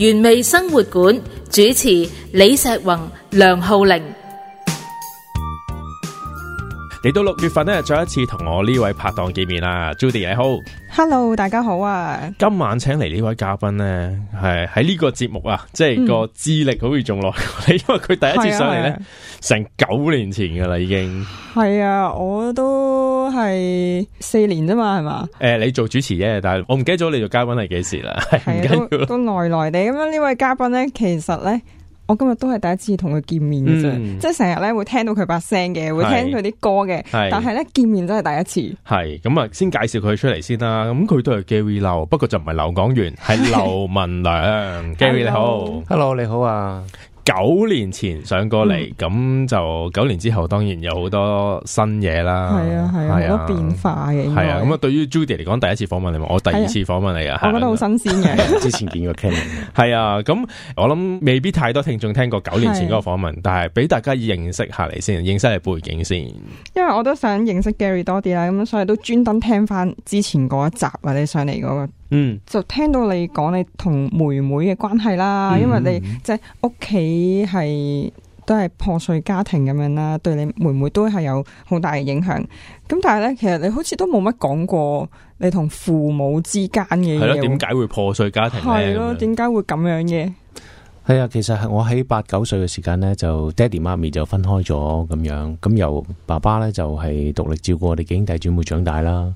原味生活館主持李錫宏、梁浩玲。嚟到六月份咧，再一次同我呢位拍檔見面啦，Judy 你好，Hello，大家好啊！今晚請嚟呢位嘉賓咧，係喺呢個節目啊，即係、嗯、個資歷好似仲耐過你，因為佢第一次上嚟咧，啊啊、成九年前噶啦已經。係啊，我都係四年啫嘛，係嘛？誒、欸，你做主持啫，但係我唔記得咗你做嘉賓係幾時啦，係唔緊要。都耐耐哋咁樣，呢位嘉賓咧，其實咧。我今日都係第一次同佢見面啫，嗯、即係成日咧會聽到佢把聲嘅，是會聽佢啲歌嘅，是但係咧見面都係第一次。係咁啊，先介紹佢出嚟先啦。咁佢都係 Gary 劉，不過就唔係劉港元，係劉是文良。Gary 你好，Hello 你好啊。九年前上過嚟，咁、嗯、就九年之後，當然有好多新嘢啦。係啊，係啊，好多變化嘅。係啊，咁啊，對於 Judy 嚟講，第一次訪問你，啊、我第二次訪問你啊。我覺得好新鮮嘅，之前見過 Ken。係啊，咁、 啊、我諗未必太多聽眾聽過九年前嗰個訪問，啊、但係俾大家認識下嚟先，認識下背景先。因為我都想認識 Gary 多啲啦，咁所以都專登聽翻之前嗰一集或者你上嚟嗰、嗰個。嗯，就聽到你講你同妹妹嘅關係啦，嗯、因為你即係屋企係都係破碎家庭咁樣啦，對你妹妹都係有好大嘅影響。咁但係咧，其實你好似都冇乜講過你同父母之間嘅嘢。係咯，點解會破碎家庭咧？點解會咁樣嘅？係啊，其實我喺八九歲嘅時間呢，就爹哋媽咪就分開咗咁樣，咁由爸爸呢，就係獨力照顧我哋幾兄弟姐妹長大啦。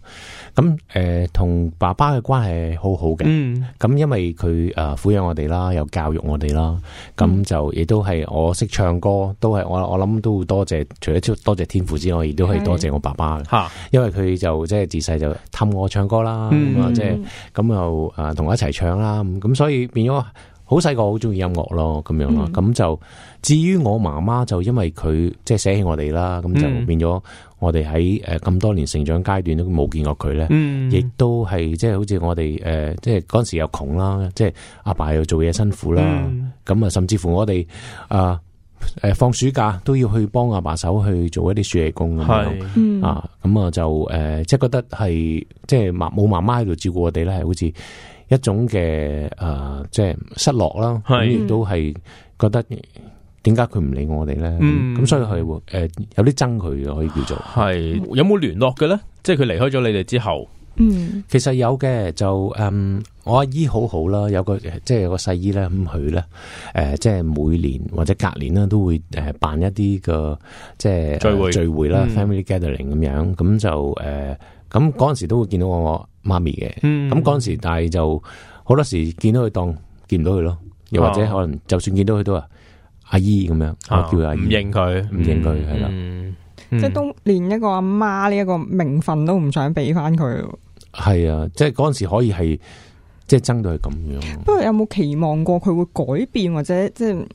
咁誒，同、呃、爸爸嘅關係好好嘅。嗯，咁因為佢誒撫養我哋啦，又教育我哋啦，咁、嗯、就亦都係我識唱歌，都係我我諗都會多謝，除咗多謝天父之外，亦都可以多謝我爸爸的因為佢就即係、呃、自細就凼我唱歌啦，咁啊、嗯，即係咁又誒同我一齊唱啦，咁所以變咗。好細個好中意音樂咯，咁樣咯，咁、嗯、就至於我媽媽就因為佢即係捨棄我哋啦，咁就變咗我哋喺誒咁多年成長階段都冇見過佢咧，亦、嗯、都係即係好似我哋誒、呃、即係嗰陣時又窮啦，即係阿爸，爸又做嘢辛苦啦，咁啊、嗯、甚至乎我哋啊誒放暑假都要去幫阿爸手去做一啲暑期工咁是樣，嗯、啊咁啊就誒即係覺得係即係冇媽媽喺度照顧我哋咧，係好似，一種嘅誒、呃，即係失落啦，咁亦是都係覺得點解佢唔理我哋咧？咁、嗯、所以佢誒、呃、有啲憎佢嘅可以叫做係有冇聯絡嘅咧？即係佢離開咗你哋之後，嗯、其實有嘅就誒、嗯，我阿姨好好啦，有個即係有個細姨咧，咁佢咧誒，即係、嗯呃、每年或者隔年咧都會誒、呃、辦一啲、嗰個即係聚會聚會啦、嗯、family gathering 咁樣咁就誒。咁嗰陣時都會見到我媽咪嘅，咁嗰陣時但係就好多時見到佢當見唔到佢咯，又或者可能就算見到佢都話阿姨咁樣，我叫阿姨，嗯。唔認佢，唔、嗯、認佢係啦，即係都連一個阿媽呢一個名分都唔想俾翻佢。係啊、嗯嗯，即係嗰陣時可以係即係爭到係咁樣。不過有冇期望過佢會改變或者即係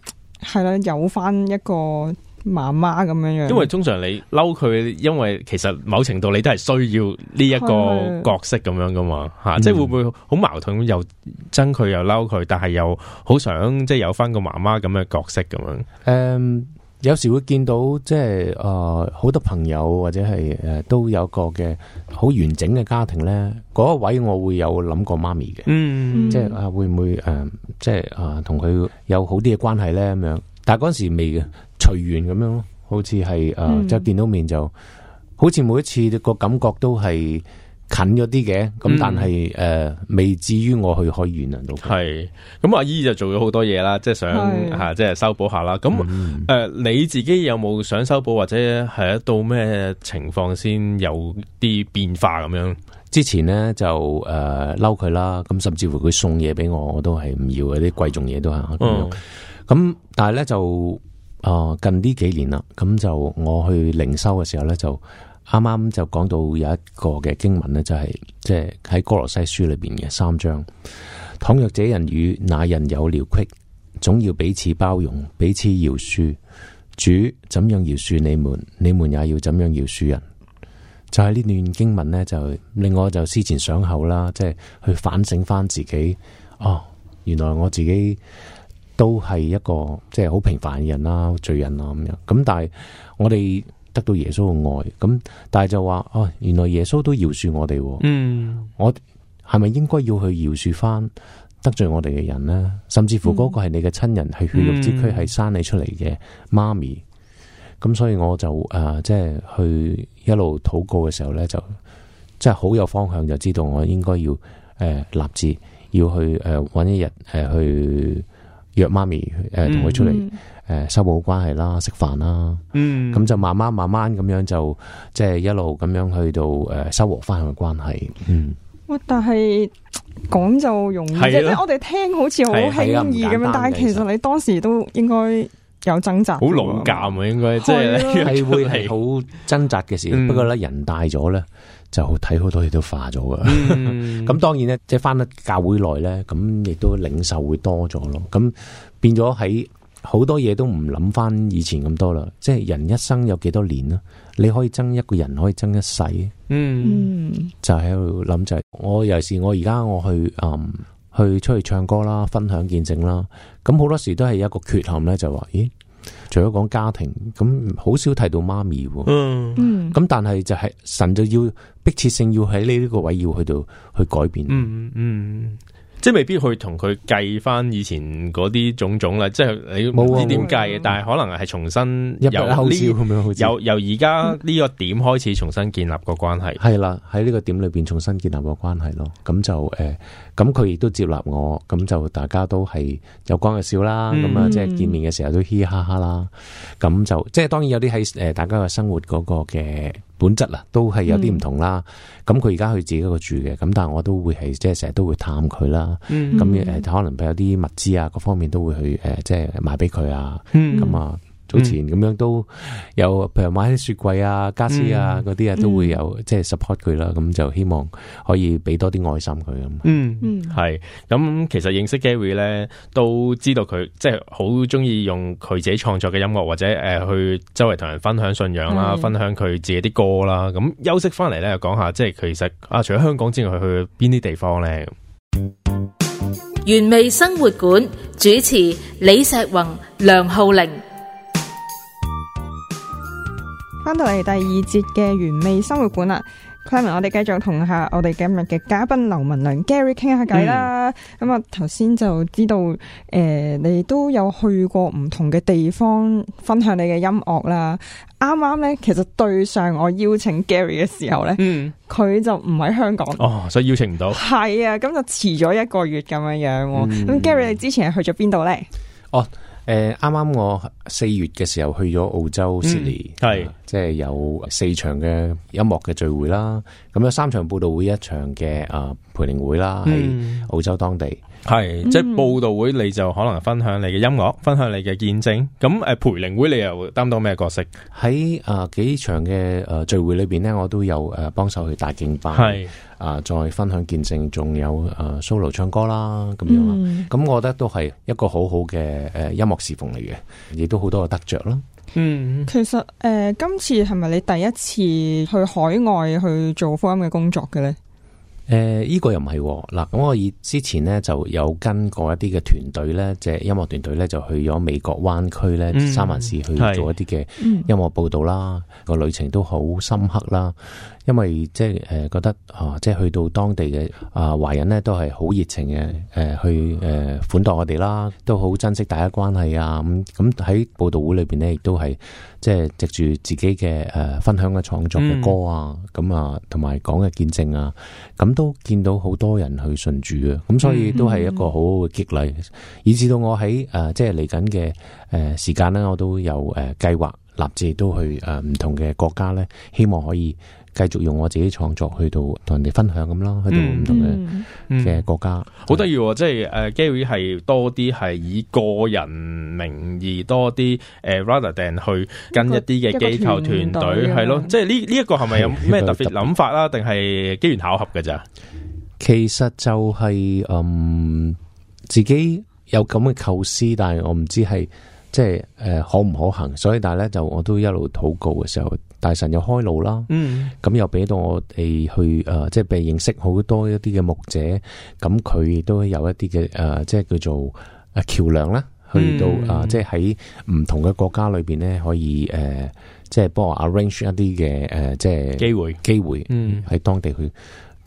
係啦，有翻一個。媽媽咁樣樣，因為通常你嬲佢，因為其實某程度你都係需要呢一個角色咁樣噶嘛吓的、啊，即係會唔會好矛盾，又憎佢又嬲佢，但係又好想即係有翻個媽媽咁嘅角色咁樣。誒、嗯，有時會見到即係誒好多朋友或者係誒、呃、都有個嘅好完整嘅家庭咧，嗰一位我會有諗過媽咪嘅，嗯，即係啊、呃、會唔會誒、呃、即係啊同佢有好啲嘅關係咧咁樣。但係嗰時未嘅，隨緣咁樣咯，好似係誒，即係、嗯呃、見到面就，好似每一次個感覺都係近咗啲嘅，咁但係誒，未、嗯呃、至於我去開遠啊，到係，咁阿姨就做咗好多嘢啦，即係想吓是、啊，即係修補下啦。咁誒、嗯呃，你自己有冇想修補或者係到咩情況先有啲變化咁樣？之前咧就誒嬲佢啦，咁、呃、甚至乎佢送嘢俾我，我都係唔要嘅，啲貴重嘢都係。嗯嗯咁但係咧就啊近呢幾年啦，咁就我去靈修嘅時候咧，就啱啱就講到有一個嘅經文咧，就係即係喺歌羅西書裏邊嘅三章。倘若這人與那人有嫌隙，總要彼此包容，彼此饒恕。主怎樣饒恕你們，你們也要怎樣饒恕人。就係呢段經文咧，就令我就思前想後啦，即係去反省翻自己。哦，原來我自己。都係一個即係好平凡嘅人啦，罪人啦咁樣。咁但係我哋得到耶穌嘅愛，咁但係就話哦，原來耶穌都饒恕我哋。嗯，我係咪應該要去饒恕翻得罪我哋嘅人呢？甚至乎嗰個係你嘅親人，係、嗯、血肉之軀，係生你出嚟嘅媽咪。咁、嗯、所以我就誒、呃，即係去一路禱告嘅時候呢，就即係好有方向，就知道我應該要誒立志要去誒揾、呃、一日誒去。去去去去去去約媽咪誒同佢出嚟，誒修補好關係啦，食飯啦，咁、嗯、就慢慢慢慢咁樣就即係一路咁樣去到誒修和翻個關係。嗯，哇！但係講就容易啫，即係的我哋聽好似好輕易咁樣，但係其實你當時都應該。實有掙扎，好老教啊，應該即係係會係好掙扎嘅事。 不過咧，人大咗咧，就睇好多嘢都化咗噶。咁 當然咧，即係返到教會嚟咧，咁亦都領袖會多咗咯。咁變咗喺好多嘢都唔諗翻以前咁多啦。即係人一生有幾多年啦？你可以憎一個人可以憎一世、 就是。嗯，就喺度諗就係我尤其係我而家我去嗯。去出去唱歌啦，分享見證啦，咁好多時都係一個缺陷咧，就話、是，咦，除咗講家庭，咁好少提到媽咪喎。嗯，咁但係就係、是、神就要迫切性要喺呢呢個位要去到去改變。嗯嗯。嗯嗯即係未必去同佢計返以前嗰啲種種啦，即係你冇知點計了但係可能係重新由由而家呢個點開始，重新建立個關係。係啦、嗯，喺呢個點裏邊重新建立個關係咯，咁就誒，咁佢亦都接納我，咁就大家都係有講有笑啦，咁啊即係見面嘅時候都嘻嘻哈哈啦，咁就即係當然有啲喺誒大家嘅生活嗰個嘅。本質啊，都係有啲唔同啦。咁佢而家去自己一個住嘅，咁但係我都會係即係成日都會探佢啦。咁、誒、嗯嗯，可能佢有啲物資啊，各方面都會去誒，即係買俾佢啊。咁、嗯、啊。早前咁樣都有，譬如買啲雪櫃啊、家私啊嗰啲啊，嗯、都會有即係 support 佢啦。咁、嗯、就希望可以俾多啲愛心佢咁、嗯。嗯嗯，係。咁其實認識 Gary 咧，都知道佢即係好中意用佢自己創作嘅音樂，或者誒、呃、去周圍同人分享信仰啦，是分享佢自己啲歌啦。咁休息翻嚟咧，又講下即係、就是、其實啊，除咗香港之外，去邊啲地方咧？原味生活館主持李石宏、梁浩玲。翻到嚟第二節嘅原味生活館啦 Clayman 我哋繼續同下我哋今日嘅嘉賓劉文良 Gary 傾下偈啦。咁啊、嗯，頭先就知道誒、呃，你都有去過唔同嘅地方，分享你嘅音樂啦。啱啱咧，其實對上我邀請 Gary 嘅時候咧，嗯，佢就唔喺香港哦，所以邀請唔到。係啊，咁就遲咗一個月咁樣樣。咁、嗯、Gary，你之前係去咗邊度咧？哦。誒，啱啱我四月嘅時候去咗澳洲 Sydney，係即係有四場嘅音樂嘅聚會啦，咁有三場佈道會，一場嘅啊、呃、培靈會啦，喺澳洲當地。嗯係，即係報道會，你就可能分享你嘅音樂，嗯、分享你嘅見證。咁誒，培靈會你又擔當咩角色？喺誒、呃、幾場嘅誒、呃、聚會裏邊呢，我都有誒幫手去帶敬拜，係啊是、呃，再分享見證，仲有誒、呃、solo 唱歌啦咁樣。咁、嗯、我覺得都係一個好好嘅誒音樂侍奉嚟嘅，亦都好多嘅得着啦。嗯，其實誒、呃，今次係咪你第一次去海外去做福音嘅工作嘅咧？誒，依、呃，這個又唔係嗱，咁我以之前呢就有跟過一啲嘅團隊呢，即係音樂團隊呢，就去咗美國灣區呢，嗯、三藩市去做一啲嘅音樂報道啦，嗯、個旅程都好深刻啦。因為即係誒，覺得啊，即係去到當地嘅啊華人咧，都係好熱情嘅，誒、啊、去誒、啊、款待我哋啦，都好珍惜大家關係啊。咁咁喺布道會裏邊呢，亦、嗯嗯嗯、都係即係藉住自己嘅誒分享嘅創作嘅歌啊，咁啊，同埋講嘅見證啊，咁都見到好多人去信主啊。咁所以都係一個好好嘅激勵。以至到我喺誒、啊、即係嚟緊嘅誒時間咧，我都有誒計劃，立志都去誒唔同嘅國家呢，希望可以。繼續用我自己創作去到同人哋分享咁咯，去到唔同嘅嘅國家，好得意喎！即係誒，Gary 係多啲係以個人名義多啲誒、呃、，rather than 去跟一啲嘅機構團隊係咯，即係呢呢一個係咪有咩特別諗法呀？定係機緣巧合嘅咋？其實就係、是、嗯，自己有咁嘅構思，但係我唔知係即係誒、呃、可唔可行，所以但係咧就我都一路禱告嘅時候。大神又開路啦，咁、嗯、又俾到我哋去誒、呃，即係被認識好多一啲嘅牧者，咁佢亦都有一啲嘅誒，即係叫做誒橋梁啦，去到誒、嗯呃，即係喺唔同嘅國家裏邊咧，可以誒、呃，即係幫我 arrange 一啲嘅誒，即係機會機會，嗯，喺當地去誒、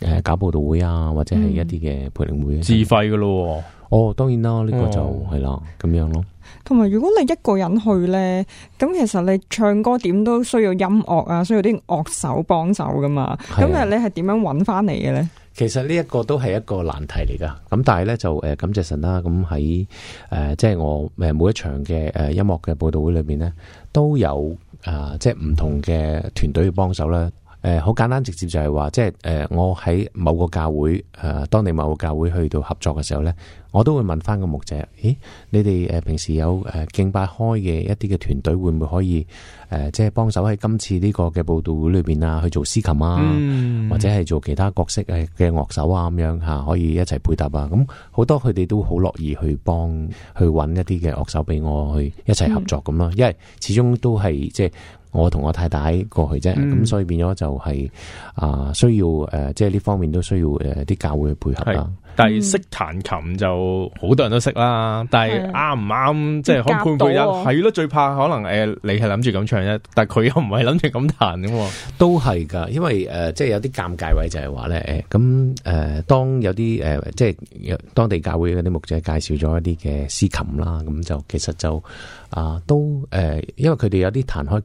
呃、搞佈道會啊，或者係一啲嘅培靈會，嗯、自費嘅咯。哦，當然啦，呢、這個就係啦，咁、嗯、樣咯。同埋，如果你一個人去呢，咁其實你唱歌點都需要音樂啊，需要啲樂手幫手噶嘛。咁啊的，你係點樣揾翻嚟嘅呢？其實呢一個都係一個難題嚟噶。咁但係呢，就誒、呃、感謝神啦。咁喺誒即係我誒每一場嘅誒、呃、音樂嘅佈道會裏面呢，都有啊即係唔同嘅團隊去幫手啦。誒，好、呃、簡單直接就係話，即係誒、呃，我喺某個教會誒、呃，當地某個教會去到合作嘅時候呢，我都會問翻個牧者，咦，你哋誒、啊、平時有誒、啊、敬拜開嘅一啲嘅團隊會唔會可以誒、呃，即係幫手喺今次呢個嘅佈道會裏邊啊，去做司琴啊，嗯、或者係做其他角色嘅嘅樂手啊咁樣吓、啊，可以一齊配搭啊。咁、嗯、好多佢哋都好樂意去幫去揾一啲嘅樂手俾我去一齊合作咁咯，因為始終都係即係。即我同我太太過去啫，咁、嗯、所以變咗就係、是、啊、呃，需要誒、呃，即係呢方面都需要誒啲教會去配合啦。但係識彈琴就好多人都識啦，但係啱唔啱，嗯、即係可，可以配唔配合？係咯、嗯嗯，最怕可能誒、呃，你係諗住咁唱啫，但係佢又唔係諗住咁彈嘅、啊、都係噶，因為誒、呃，即係有啲尷尬位就係話咧，誒咁誒，當有啲誒、呃，即係當地教會嗰啲牧者介紹咗一啲嘅詩琴啦，咁就其實就啊，都、呃、誒、呃，因為佢哋有啲彈開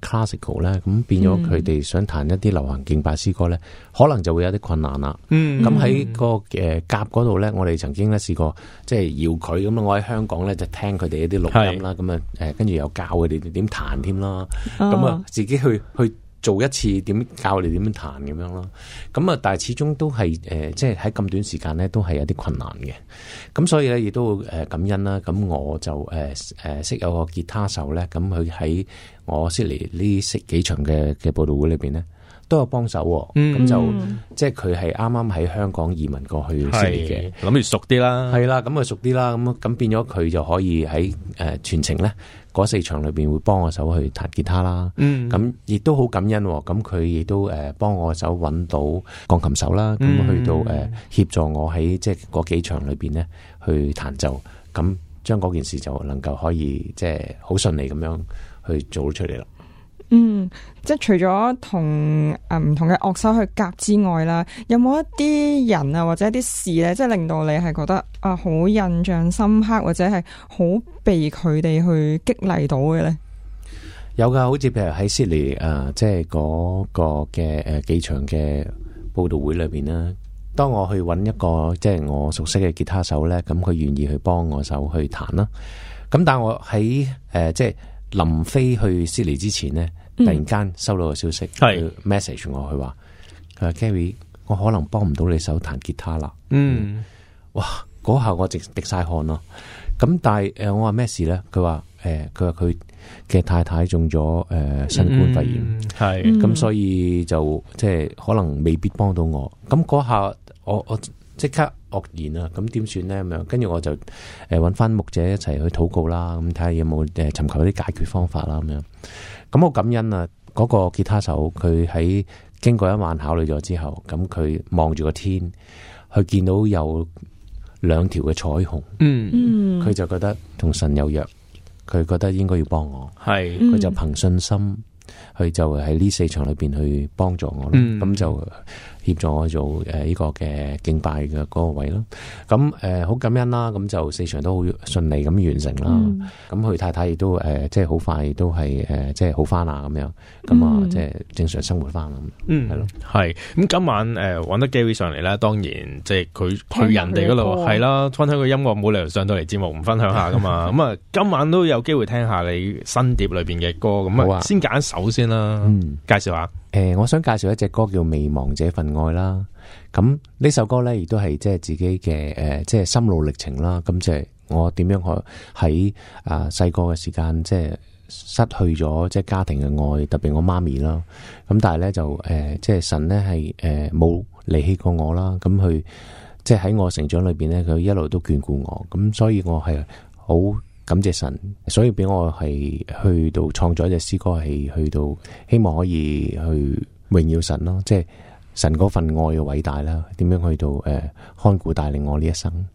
咧，咁、嗯、變咗佢哋想彈一啲流行敬拜詩歌咧，可能就會有啲困難啦。嗯，咁喺個誒夾嗰度咧，我哋曾經咧試過即係遙距，咁啊，我喺香港咧就聽佢哋一啲錄音啦，咁啊是，誒，跟住又教佢哋點彈添啦，咁啊、哦，自己去去。做一次點教你點樣彈咁樣咯，咁啊但係始終都係誒、呃，即係喺咁短時間咧，都係有啲困難嘅。咁所以咧亦都誒感恩啦。咁我就誒誒、呃呃、識有個吉他手咧，咁佢喺我 Sydney 呢識幾場嘅嘅佈道會裏邊咧，都有幫手。咁、嗯、就即係佢係啱啱喺香港移民過去 Sydney 嘅，諗住熟啲啦。係啦，咁啊熟啲啦，咁咁變咗佢就可以喺誒、呃、全程咧。四場裏邊會幫我手去彈吉他啦，咁亦、嗯、都好感恩，咁佢亦都誒幫、呃、我手揾到鋼琴手啦，咁去到誒協、呃、助我喺即係嗰幾場裏邊咧去彈奏，咁將嗰件事就能夠可以即係好順利咁樣去做出嚟啦。嗯，即係除咗同誒唔同嘅樂手去夾之外啦，有冇一啲人啊，或者一啲事咧，即係令到你係覺得啊好印象深刻或者係好被佢哋去激勵到嘅咧？有㗎，好似譬如喺 Sydney 誒，即係嗰個嘅誒幾場嘅佈道會裏邊啦。當我去揾一個即係、就是、我熟悉嘅吉他手咧，咁佢願意去幫我手去彈啦。咁但係我喺誒即係。啊就是臨飛去悉尼之前咧，突然間收到個消息，message、嗯、係我佢話，佢話 Gary 我可能幫唔到你手彈吉他啦。嗯，哇，嗰下我直滴晒汗咯。咁但係誒、呃，我話咩事咧？佢話誒，佢話佢嘅太太中咗誒、呃、新冠肺炎，係咁、嗯、所以就即係可能未必幫到我。咁嗰下我我。我即刻愕然啊！咁點算呢？咁樣，跟住我就誒揾翻牧者一齊去禱告啦，咁睇下有冇誒尋求啲解決方法啦，咁樣。咁我感恩啊！嗰個吉他手，佢喺經過一晚考慮咗之後，咁佢望住個天，佢見到有兩條嘅彩虹，嗯，佢就覺得同神有約，佢覺得應該要幫我，係是，佢就憑信心，佢就喺呢四場裏邊去幫助我咯，咁、嗯嗯、就。協助我做誒呢個嘅敬拜嘅嗰個位咯，咁誒好感恩啦，咁就四場都好順利咁完成啦。咁佢、嗯、太太亦都誒，即係好快都係誒，即係好翻啊咁樣，咁啊即係正常生活翻啦。嗯，係咯，係。咁今晚誒搵得機會上嚟啦。當然即係佢去人哋嗰度係啦，分享個音樂冇理由上到嚟節目唔分享下噶嘛。咁啊 今晚都有機會聽下你新碟裏邊嘅歌，咁啊先揀首先啦，嗯、介紹下。誒、呃，我想介紹一隻歌叫《未忘這份愛》啦。咁呢首歌呢，亦都係即係自己嘅誒，即係心路歷程啦。咁即係我點樣去喺啊細個嘅時間，即係失去咗即係家庭嘅愛，特別我媽咪啦。咁但係呢，就誒，即係神呢，係誒冇離棄過我啦。咁佢即係喺我成長裏邊呢，佢一路都眷顧我。咁所以我係好。感謝神，所以畀我係去到創作一隻詩歌，係去到希望可以去榮耀神咯，即係神嗰份愛嘅偉大啦，點樣去到誒看顧帶領我呢一生。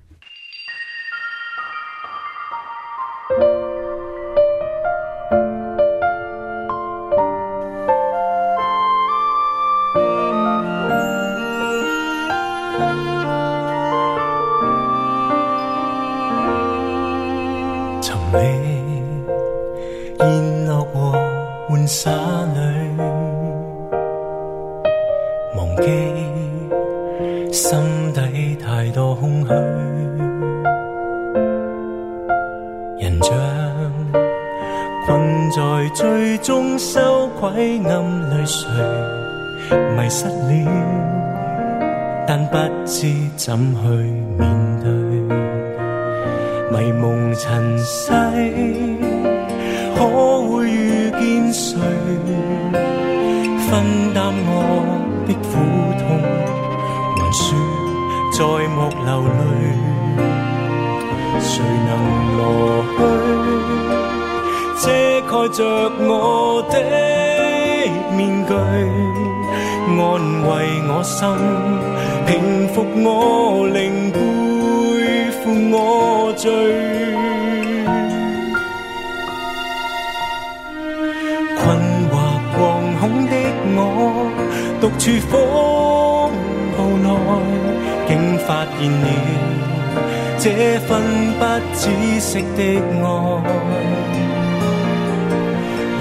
遮蓋着我的面具，安慰我心，平復我靈，零背負我罪。困 惑惶恐的我，獨處風暴內，竟發現了這份不止息的愛。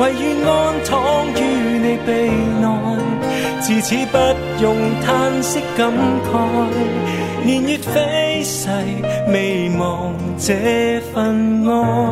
唯願安躺於你臂內，自此不用嘆息感慨，年月飛逝，未忘這份愛。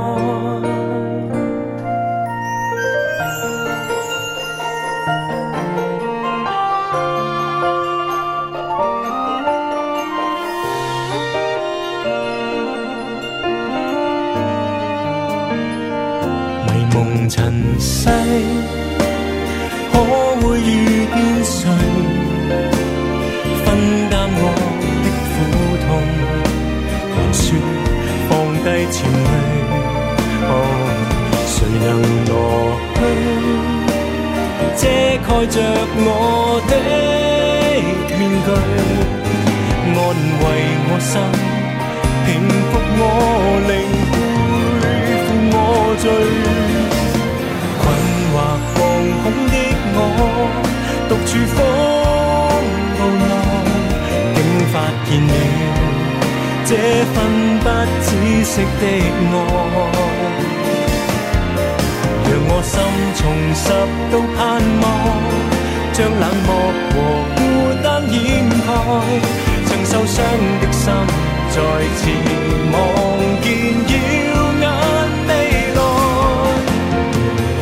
望見耀眼未來，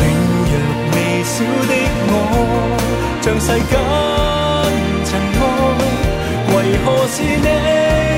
軟弱微小的我，像世間塵埃，為何是你？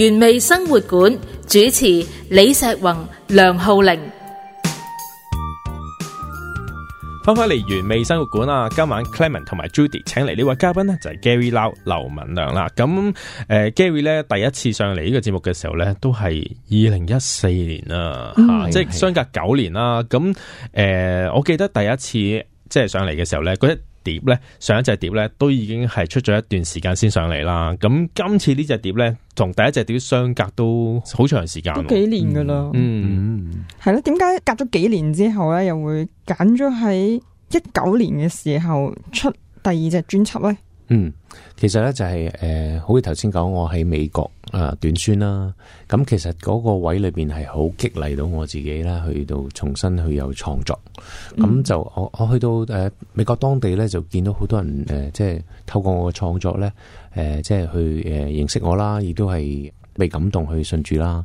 原味生活館主持李石宏、梁浩玲，翻返嚟原味生活館啊！今晚 Clement 同埋 Judy 請嚟呢位嘉賓呢，就係 Gary Lau 劉文良啦。咁、嗯、誒 Gary 咧，第一次上嚟呢個節目嘅時候咧都係二零一四年啦吓，是是即係相隔九年啦。咁、嗯、誒，我記得第一次即係上嚟嘅時候咧碟咧，上一隻碟咧都已經係出咗一段時間先上嚟啦。咁今次呢隻碟咧，同第一隻碟相隔都好長時間，都幾年㗎喇、嗯。嗯，係囉，點 解隔咗幾年之後咧，又會揀咗喺一九年嘅時候出第二隻專輯咧？嗯，其實咧就係、是、誒、呃，好似頭先講，我喺美國誒、啊、短宣啦，咁、啊、其實嗰個位裏邊係好激勵到我自己啦，去到重新去有創作，咁、嗯、就我我去到誒、呃、美國當地咧，就見到好多人誒、呃，即係透過我嘅創作咧，誒、呃，即係去誒、呃、認識我啦，亦都係被感動去信主啦。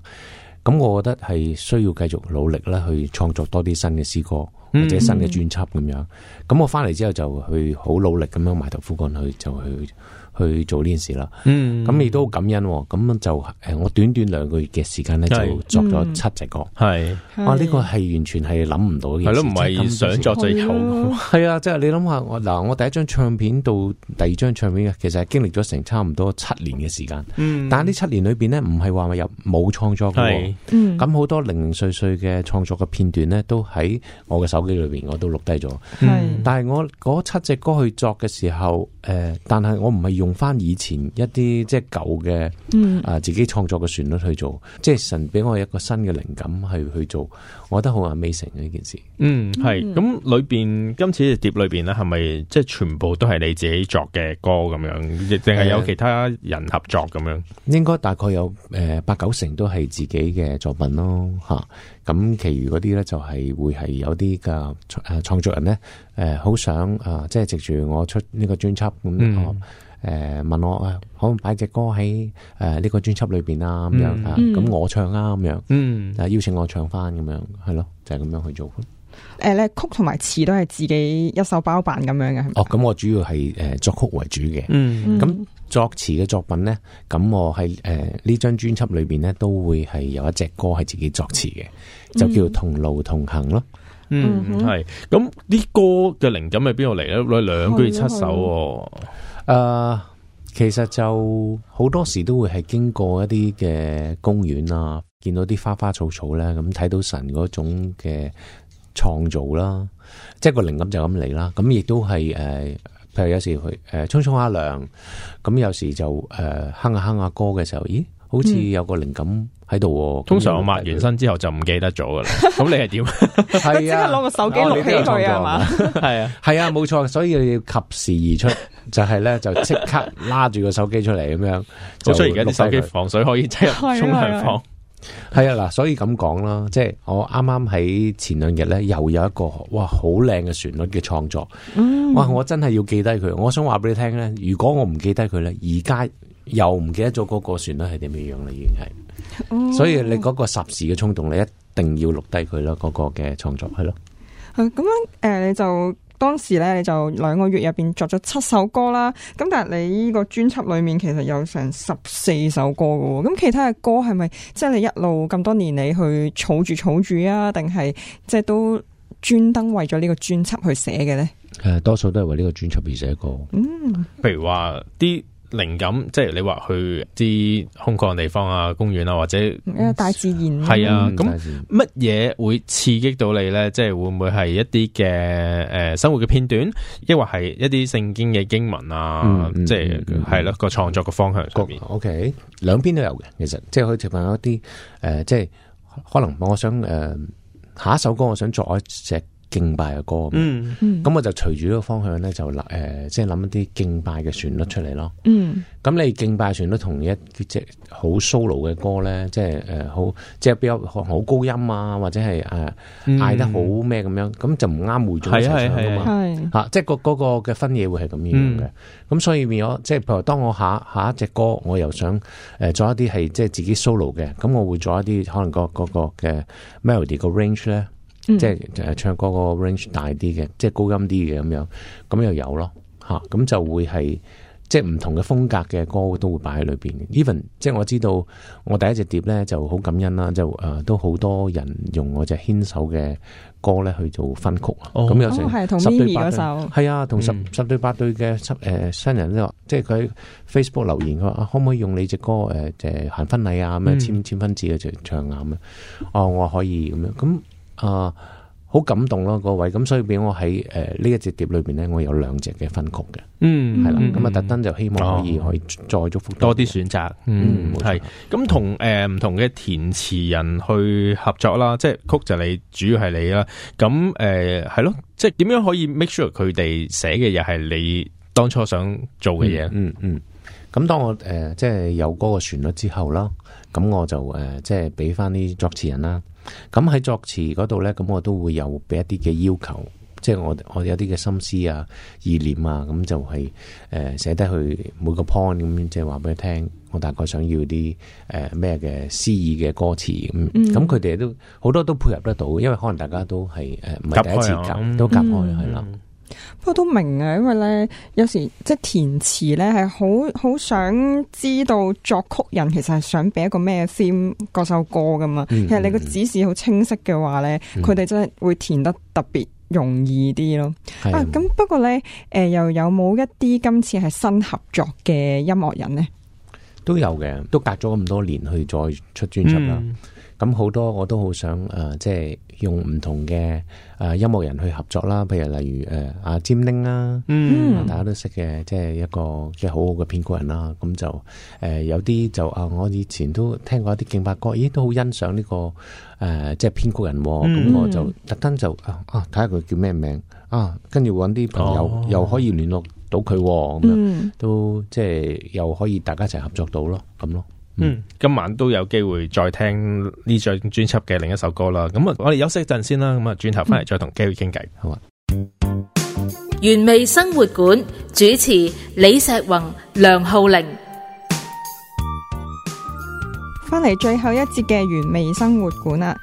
咁我覺得係需要繼續努力啦，去創作多啲新嘅詩歌或者新嘅專輯咁樣。咁、嗯嗯、我翻嚟之後就去好努力咁樣埋頭苦幹去，就去。去做呢件事啦，咁你都好感恩咁就誒，我短短兩個月嘅時間咧，就作咗七隻歌，係哇，呢個係完全係諗唔到嘅，係咯，唔係想作就有，係啊，即係你諗下我嗱，我第一張唱片到第二張唱片嘅，其實係經歷咗成差唔多七年嘅時間，嗯，但係呢七年裏邊咧，唔係話我有冇創作嘅，嗯，咁好多零零碎碎嘅創作嘅片段咧，都喺我嘅手機裏邊，我都錄低咗，係，但係我七隻歌去作嘅時候，誒，但係我唔係用。用翻以前一啲即係舊嘅啊自己創作嘅旋律去做，即係神俾我一個新嘅靈感去去做，我覺得好 amazing 呢件事。嗯，係咁裏邊今次碟裏邊咧，係咪即係全部都係你自己作嘅歌咁樣，亦定係有其他人合作咁樣？嗯、應該大概有誒、呃、八九成都係自己嘅作品咯，吓、啊、咁其餘嗰啲咧就係、是、會係有啲嘅誒創作人咧，誒、呃、好想啊、呃，即係藉住我出呢個專輯咁。嗯嗯誒，問我啊，可唔可擺隻歌喺誒呢個專輯裏邊啊？咁樣，咁我唱啦，咁樣，誒邀請我唱翻咁樣，係咯，就係咁樣去做。誒，咧曲同埋詞都係自己一手包辦咁樣嘅，哦，咁我主要係誒作曲為主嘅。嗯，咁作詞嘅作品咧，咁我喺誒呢張專輯裏邊咧，都會係有一隻歌係自己作詞嘅，就叫《同路同行》咯。嗯，係。咁啲歌嘅靈感喺邊度嚟？咧？兩句七首。誒，uh, 其實就好多時都會係經過一啲嘅公園啊，見到啲花花草草咧，咁睇到神嗰種嘅創造啦，即係個靈感就咁嚟啦。咁、嗯、亦都係誒、呃，譬如有時去誒、呃、沖沖下、啊、涼，咁、嗯、有時就誒、呃、哼下、啊、哼下、啊、歌嘅時候，咦？好似有個靈感喺度。通常我抹完身之後就唔記得咗噶啦。咁 你係點？係 啊，即刻攞個手機錄起佢係嘛？係、哦、吧啊，係 啊，冇錯。所以要及時而出， 就係咧，就即刻拉住個手機出嚟咁樣。好彩而家啲手機防水可以即入沖涼房。係啊，嗱，所以咁講啦，即係、 啊就是、我啱啱喺前兩日咧，又有一個哇好靚嘅旋律嘅創作。嗯、哇，我真係要記低佢。我想話俾你聽咧，如果我唔記低佢咧，而家。又唔記得咗嗰個旋律係點樣樣啦，已經係，嗯、所以你嗰個霎時嘅衝動，你一定要錄低佢咯，嗰、嗰個嘅創作係咯。咁樣誒，你就當時咧，你就兩個月入邊作咗七首歌啦。咁但係你呢個專輯裏面其實有成十四首歌噶，咁其他嘅歌係咪即係你一路咁多年你去儲住儲住啊？定係即係都專登為咗呢、嗯、為個專輯去寫嘅咧？誒，多數都係為呢個專輯而寫歌。嗯，譬如話啲。靈感，即係你話去啲空曠嘅地方啊，公園啊，或者、嗯嗯、大自然係啊。咁乜嘢會刺激到你咧？即、就、係、是、會唔會係一啲嘅誒生活嘅片段，抑或係一啲聖經嘅經文啊？嗯、即係係咯個創作嘅方向上面。O K，兩邊都有嘅，其實即係可以提問一啲誒、呃，即係可能我想誒、嗯、下一首歌，我想作一隻。敬拜嘅歌，咁、嗯嗯、我就隨住呢個方向咧、呃，就誒，即係諗一啲敬拜嘅旋律出嚟咯。咁、嗯嗯、你敬拜旋律同一隻好、就是、solo 嘅歌咧，即係誒，好即係比較好高音啊，或者係誒，嗌得好咩咁樣，咁就唔啱回咗一齊唱啊，是啊嘛。吓是、啊啊，即係嗰嗰個嘅分野會係咁樣嘅。咁、嗯、所以變咗，即、就、係、是、譬如當我下下一隻歌，我又想誒做一啲係即係自己 solo 嘅，咁我會做一啲可能、嗰個嗰、嗰個嘅、嗰個、melody 個 range 咧。嗯、即係誒，唱歌個 range 大啲嘅，即係高音啲嘅咁樣，咁又有咯吓，咁、啊、就會係即係唔同嘅風格嘅歌都會擺喺裏邊 Even 即係我知道，我第一隻碟咧就好感恩啦，就誒、呃、都好多人用我隻牽手嘅歌咧去做分曲啊，咁、oh、有成十、哦哦 e、對八對，係啊，同十十對八對嘅誒、呃、新人咧，嗯、即係佢喺 Facebook 留言，佢話可唔可以用你隻歌誒誒行婚禮啊咩簽簽婚字嘅唱唱岩、mm. 啊，哦我可以咁樣咁。啊，好感動咯，各位！咁所以俾我喺誒呢一隻碟裏邊咧，我有兩隻嘅分曲嘅，嗯，係啦，咁啊特登就希望可以可以再祝福多啲選擇，嗯，係咁同誒唔同嘅填詞人去合作啦，即係曲就你主要係你啦，咁誒係咯，即係點樣可以 make sure 佢哋寫嘅嘢係你當初想做嘅嘢？嗯嗯，咁當我誒即係有個旋律之後啦，咁我就誒即係俾翻啲作詞人啦。咁喺作詞嗰度咧，咁我都會有俾一啲嘅要求，即係我我有啲嘅心思啊、意念啊，咁就係誒寫得去每個 point，咁即係話俾你聽，我大概想要啲誒咩嘅詩意嘅歌詞，咁咁佢哋都好多都配合得到，因為可能大家都係誒唔係第一次夾，都夾開係、嗯、啦。不過都明啊，因為咧有時即係填詞咧係好好想知道作曲人其實係想俾一個咩 theme 嗰首歌噶嘛。嗯、其實你個指示好清晰嘅話咧，佢哋、嗯、真係會填得特別容易啲咯。的啊，咁不過咧，誒、呃、又有冇一啲今次係新合作嘅音樂人呢？都有嘅，都隔咗咁多年去再出專輯啦。嗯咁好多我都好想誒、呃，即係用唔同嘅誒、呃、音樂人去合作啦，譬如例如誒阿詹拎啦，嗯、呃，啊 mm hmm. 大家都識嘅，即係一個即係好好嘅編曲人啦、啊。咁就誒、呃、有啲就啊，我以前都聽過一啲勁發歌，咦，都好欣賞呢、這個誒、呃，即係編曲人喎、啊。咁、mm hmm. 我就特登就啊啊，睇下佢叫咩名啊，跟住揾啲朋友、oh. 又，又可以聯絡到佢咁、啊樣，mm hmm. 樣，都即係又可以大家一齊合作到咯，咁咯。嗯，今晚都有機會再聽呢張專輯嘅另一首歌啦。咁啊，我哋休息一陣先啦。咁啊，轉頭翻嚟，再同 Gary 傾偈，好嘛？原味生活館主持李石宏、梁浩玲，翻嚟最後一節嘅原味生活館啊！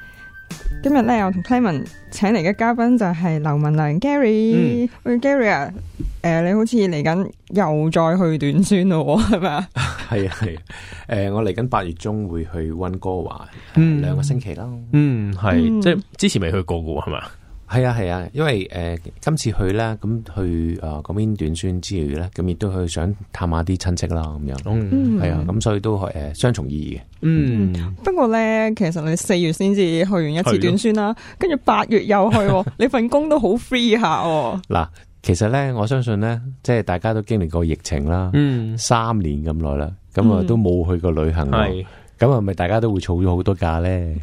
今日咧，我同 Plyman 請嚟嘅嘉賓就係劉文良 Gary。嗯、喂 Gary 啊、呃，誒你好似嚟緊又再去短宣咯，係咪？係啊係，誒、呃、我嚟緊八月中會去温哥華，兩、呃嗯、個星期啦。嗯，係，即係之前未去過㗎係咪？ 係啊係啊，因為誒、呃、今次去咧，咁去誒嗰邊短宣之餘咧，咁亦都去想探下啲親戚啦，咁樣，係、嗯、啊，咁所以都係誒雙重意義嘅。嗯，不過咧，其實你四月先至去完一次短宣啦，跟住八月又去， 你份工都好 free 下、啊、哦。嗱，其實咧，我相信咧，即係大家都經歷過疫情啦，嗯，三年咁耐啦，咁啊都冇去過旅行嘅。咁係咪大家都會儲咗好多假咧？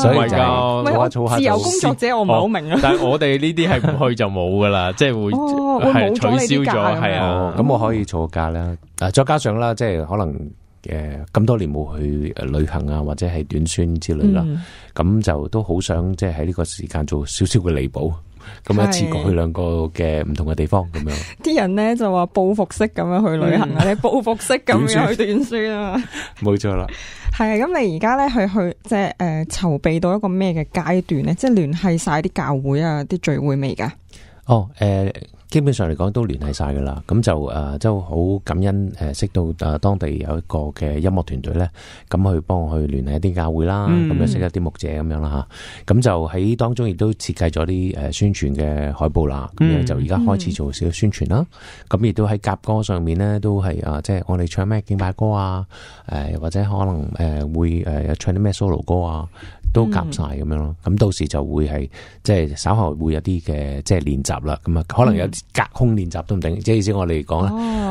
所以就自發儲下。自由工作者我唔係好明啊，但係我哋呢啲係唔去就冇噶啦，即係會係取消咗係啊。咁我可以儲個假啦。啊，再加上啦，即係可能誒，咁多年冇去誒旅行啊，或者係短宣之類啦，咁就都好想即係喺呢個時間做少少嘅彌補。咁一次過去兩個嘅唔同嘅地方，咁樣。啲人咧就話報復式咁樣去旅行啊，咧、嗯、報復式咁樣去短線啊，冇錯啦。係啊，咁你而家咧去去即係誒籌備到一個咩嘅階段咧？即係聯繫晒啲教會啊，啲聚會未噶？哦，誒、呃。基本上嚟講都聯繫晒噶啦，咁就誒、都、呃、好感恩誒、呃，識到誒當地有一個嘅音樂團隊咧，咁去幫我去聯繫一啲教會啦，咁、嗯、樣識一啲牧者咁樣啦吓，咁就喺當中亦都設計咗啲誒宣傳嘅海報啦，咁、嗯、就而家開始做少宣傳啦，咁亦、嗯、都喺夾歌上面咧都係誒、呃，即係我哋唱咩敬拜歌啊，誒、呃、或者可能誒、呃、會誒、呃、唱啲咩 solo 歌啊，都夾晒咁樣咯，咁、嗯、到時就會係即係稍後會有啲嘅即係練習啦，咁啊可能有。隔空練習都唔定，即係意思我嚟講啦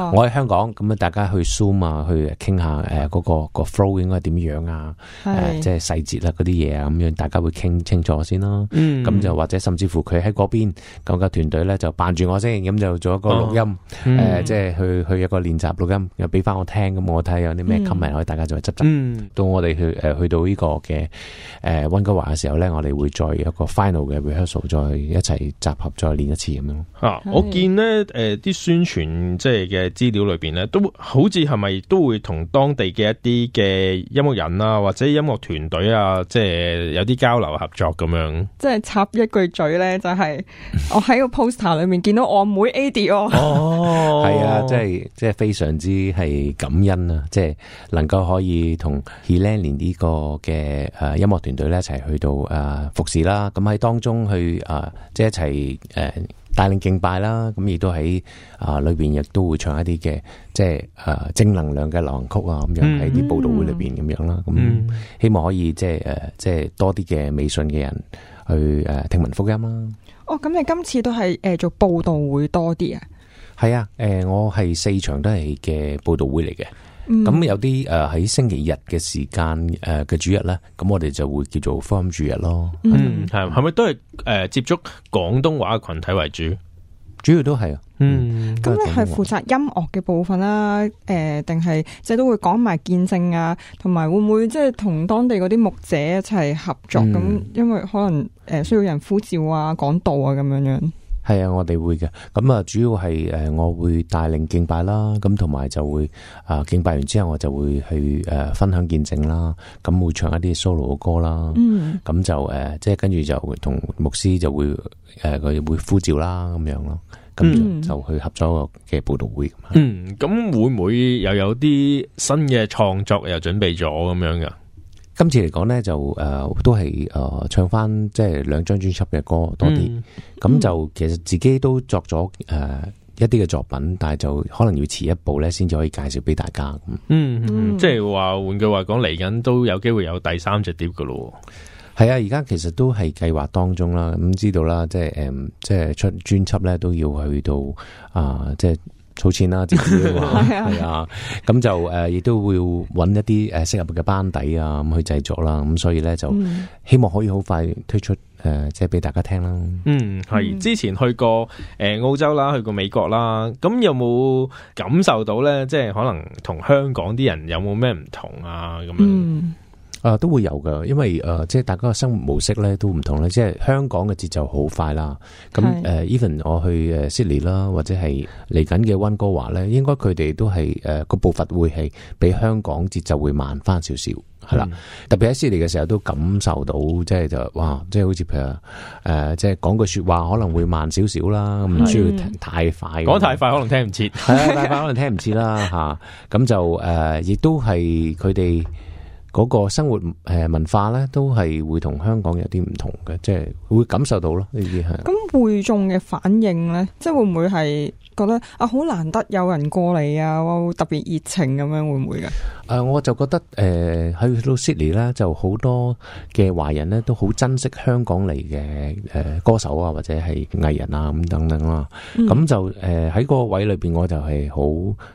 ，oh. 我喺香港咁啊，大家去 Zoom 啊，去傾下誒嗰個個 flow 應該點樣啊、oh. 呃，即係細節啦嗰啲嘢啊咁樣，大家會傾清楚先咯。咁、mm. 就或者甚至乎佢喺嗰邊咁嘅團隊咧，就扮住我先，咁就做一個錄音，誒、oh. mm. 呃、即係去去一個練習錄音，又俾翻我聽咁，我睇下有啲咩 comment 可以大家再執執。到我哋去誒去到呢個嘅誒溫哥華嘅時候咧，我哋會再一個 final 嘅 rehearsal 再一齊集合再練一次咁樣。Ah. Okay. 見呢誒，啲、呃、宣傳即係嘅資料裏邊咧，都好似係咪都會同當地嘅一啲嘅音樂人啊，或者音樂團隊啊，即、呃、係有啲交流合作咁樣。即係插一句嘴咧，就係、是、我喺個 poster 裏面見到我妹 Ady 哦， 哦，係 啊，即係即係非常之係感恩啊，即係能夠可以同 Helene 呢個嘅誒音樂團隊咧一齊去到誒服侍啦，咁喺當中去誒、啊、即係一齊誒。啊帶領敬拜啦，咁亦都喺啊裏邊，亦都會唱一啲嘅即係誒正能量嘅流行曲啊，咁樣喺啲佈道會裏邊咁樣啦。咁、嗯、希望可以即係誒，即係多啲嘅未信嘅人去誒聽聞福音啦。哦，咁你今次都係誒、呃、做佈道會多啲啊？係啊，誒、呃、我係四場都係嘅佈道會嚟嘅。咁、嗯、有啲誒喺星期日嘅時間誒嘅、呃、主日咧，咁我哋就會叫做福音主日咯。嗯，係係咪都係誒、呃、接觸廣東話嘅群體為主？主要都係啊。嗯，咁你係負責音樂嘅部分啦、啊，誒定係即係都會講埋見證啊，同埋會唔會即係同當地嗰啲牧者一齊合作？咁、嗯、因為可能誒需要人呼召啊、講道啊咁樣樣。係啊，我哋會嘅，咁啊主要係誒，我會帶領敬拜啦，咁同埋就會啊敬拜完之後，我就會去誒分享見證啦，咁會唱一啲 solo 嘅歌啦，咁、嗯、就誒即係跟住就同牧師就會誒佢會呼召啦咁樣咯，咁就去合咗個嘅佈道會咁啊。嗯，咁會唔會又有啲新嘅創作又準備咗咁樣噶？今次嚟講呢，就誒、呃、都係誒、呃、唱翻即係兩張專輯嘅歌多啲，咁、mm hmm. 就其實自己都作咗誒、呃、一啲嘅作品，但係就可能要遲一步呢先至可以介紹俾大家。Mm hmm. 嗯，即係話換句話講，嚟緊都有機會有第三隻碟噶咯。係、嗯嗯、啊，而家其實都係計劃當中啦。咁知道啦，即係誒、嗯，即係出專輯呢都要去到啊、呃，即係。儲錢啦，之之係啊，咁就誒，亦都會揾一啲誒適合嘅班底啊，咁去製作啦，咁所以咧就希望可以好快推出誒，即係俾大家聽啦。嗯，係之前去過誒澳洲啦，去過美國啦，咁有冇感受到咧？即係可能同香港啲人有冇咩唔同啊？咁樣，嗯。啊，都會有嘅，因為誒，即係大家嘅生活模式咧都唔同咧，即係香港嘅節奏好快啦。咁誒，even 我去誒悉尼啦，或者係嚟緊嘅溫哥華咧，應該佢哋都係誒個步伐會係比香港節奏會慢返少少，係啦。特別喺悉尼嘅時候都感受到，即係就哇，即係好似譬如誒，即係講句説話可能會慢少少啦，唔需要太快。講太快可能聽唔切，係啊，太快可能聽唔切啦嚇。咁就誒，亦都係佢哋。嗰個生活誒文化咧，都係會同香港有啲唔同嘅，即係會感受到咯。呢啲係咁會眾嘅反應咧，即係會唔會係？覺得啊好難得有人過嚟啊，特別熱情咁樣，會唔會嘅？誒，我就覺得誒喺到悉尼咧，就好多嘅華人咧都好珍惜香港嚟嘅誒歌手啊，或者係藝人啊咁等等啦。咁就誒喺個位裏邊，我就係好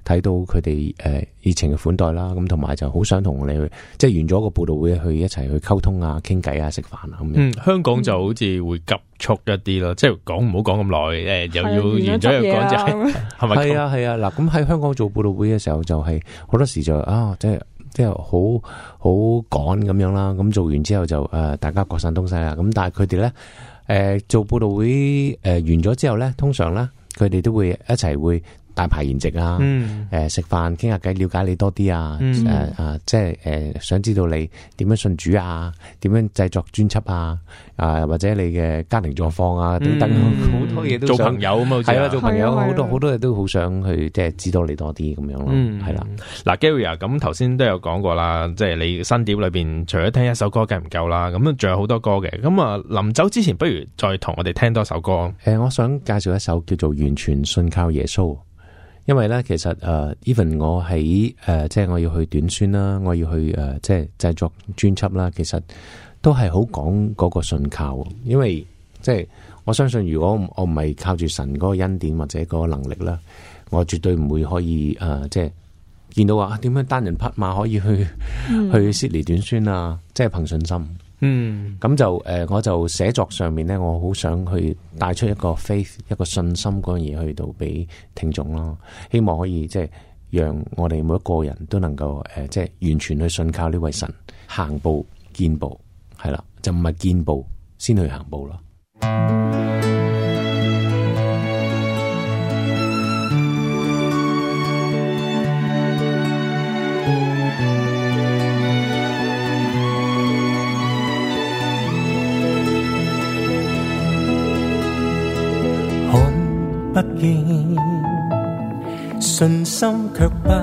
睇到佢哋誒熱情嘅款待啦。咁同埋就好想同你去即係完咗個報道會去一齊去溝通啊、傾偈啊、食飯啊咁樣。香港就好似會急促一啲咯，即係講唔好講咁耐。誒，又要完咗又講係咪？係啊，係啊。嗱，咁喺香港做佈道會嘅時候，就係、是、好多時就啊，即係即係好好趕咁樣啦。咁做完之後就誒、呃，大家各散東西啦。咁但係佢哋咧，誒、呃、做佈道會誒完咗之後咧，通常咧佢哋都會一齊會大排筵席啊，誒食、嗯呃、飯傾下偈，了解你多啲啊，誒誒、嗯呃呃，即係誒、呃，想知道你點樣信主啊，點樣製作專輯啊。啊，或者你嘅家庭狀況啊，等等好多嘢都做朋友咁啊，係啦，做朋友好、啊、多好、啊、多嘢、啊、都好想去，即係知道你多啲咁樣咯，係、嗯啊、啦。嗱 Gary 啊，咁頭先都有講過啦，即係你新碟裏邊除咗聽一首歌梗係唔夠啦，咁仲有好多歌嘅。咁啊，臨走之前不如再同我哋聽多首歌。誒、呃，我想介紹一首叫做《完全信靠耶穌》，因為咧其實誒，Even 我喺誒，即係我要去短宣啦，我要去誒，即係製作專輯啦，其實。呃都係好講嗰個信靠，因為即係我相信，如果我唔係靠住神嗰個恩典或者嗰個能力啦，我絕對唔會可以誒、呃，即係見到話點、啊、樣單人匹馬可以去、嗯、去撕裂短宣啊，即係憑信心。嗯，咁就誒、呃，我就寫作上面咧，我好想去帶出一個 faith 一個信心嗰樣嘢去到俾聽眾咯，希望可以即係讓我哋每一個人都能夠誒、呃，即係完全去信靠呢位神，行步見步。係啦，就唔係見步先去行步啦。看不見，信心卻不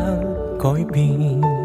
改變。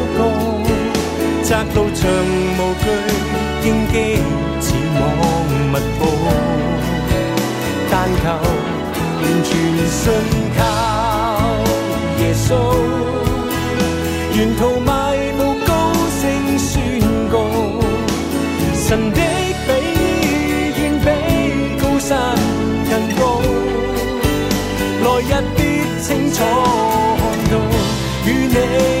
一路長無懼荊棘，似網密布，但求完全信靠耶穌。沿途邁步高聲宣告，神的比遠比高山更高，來日必清楚看到與你。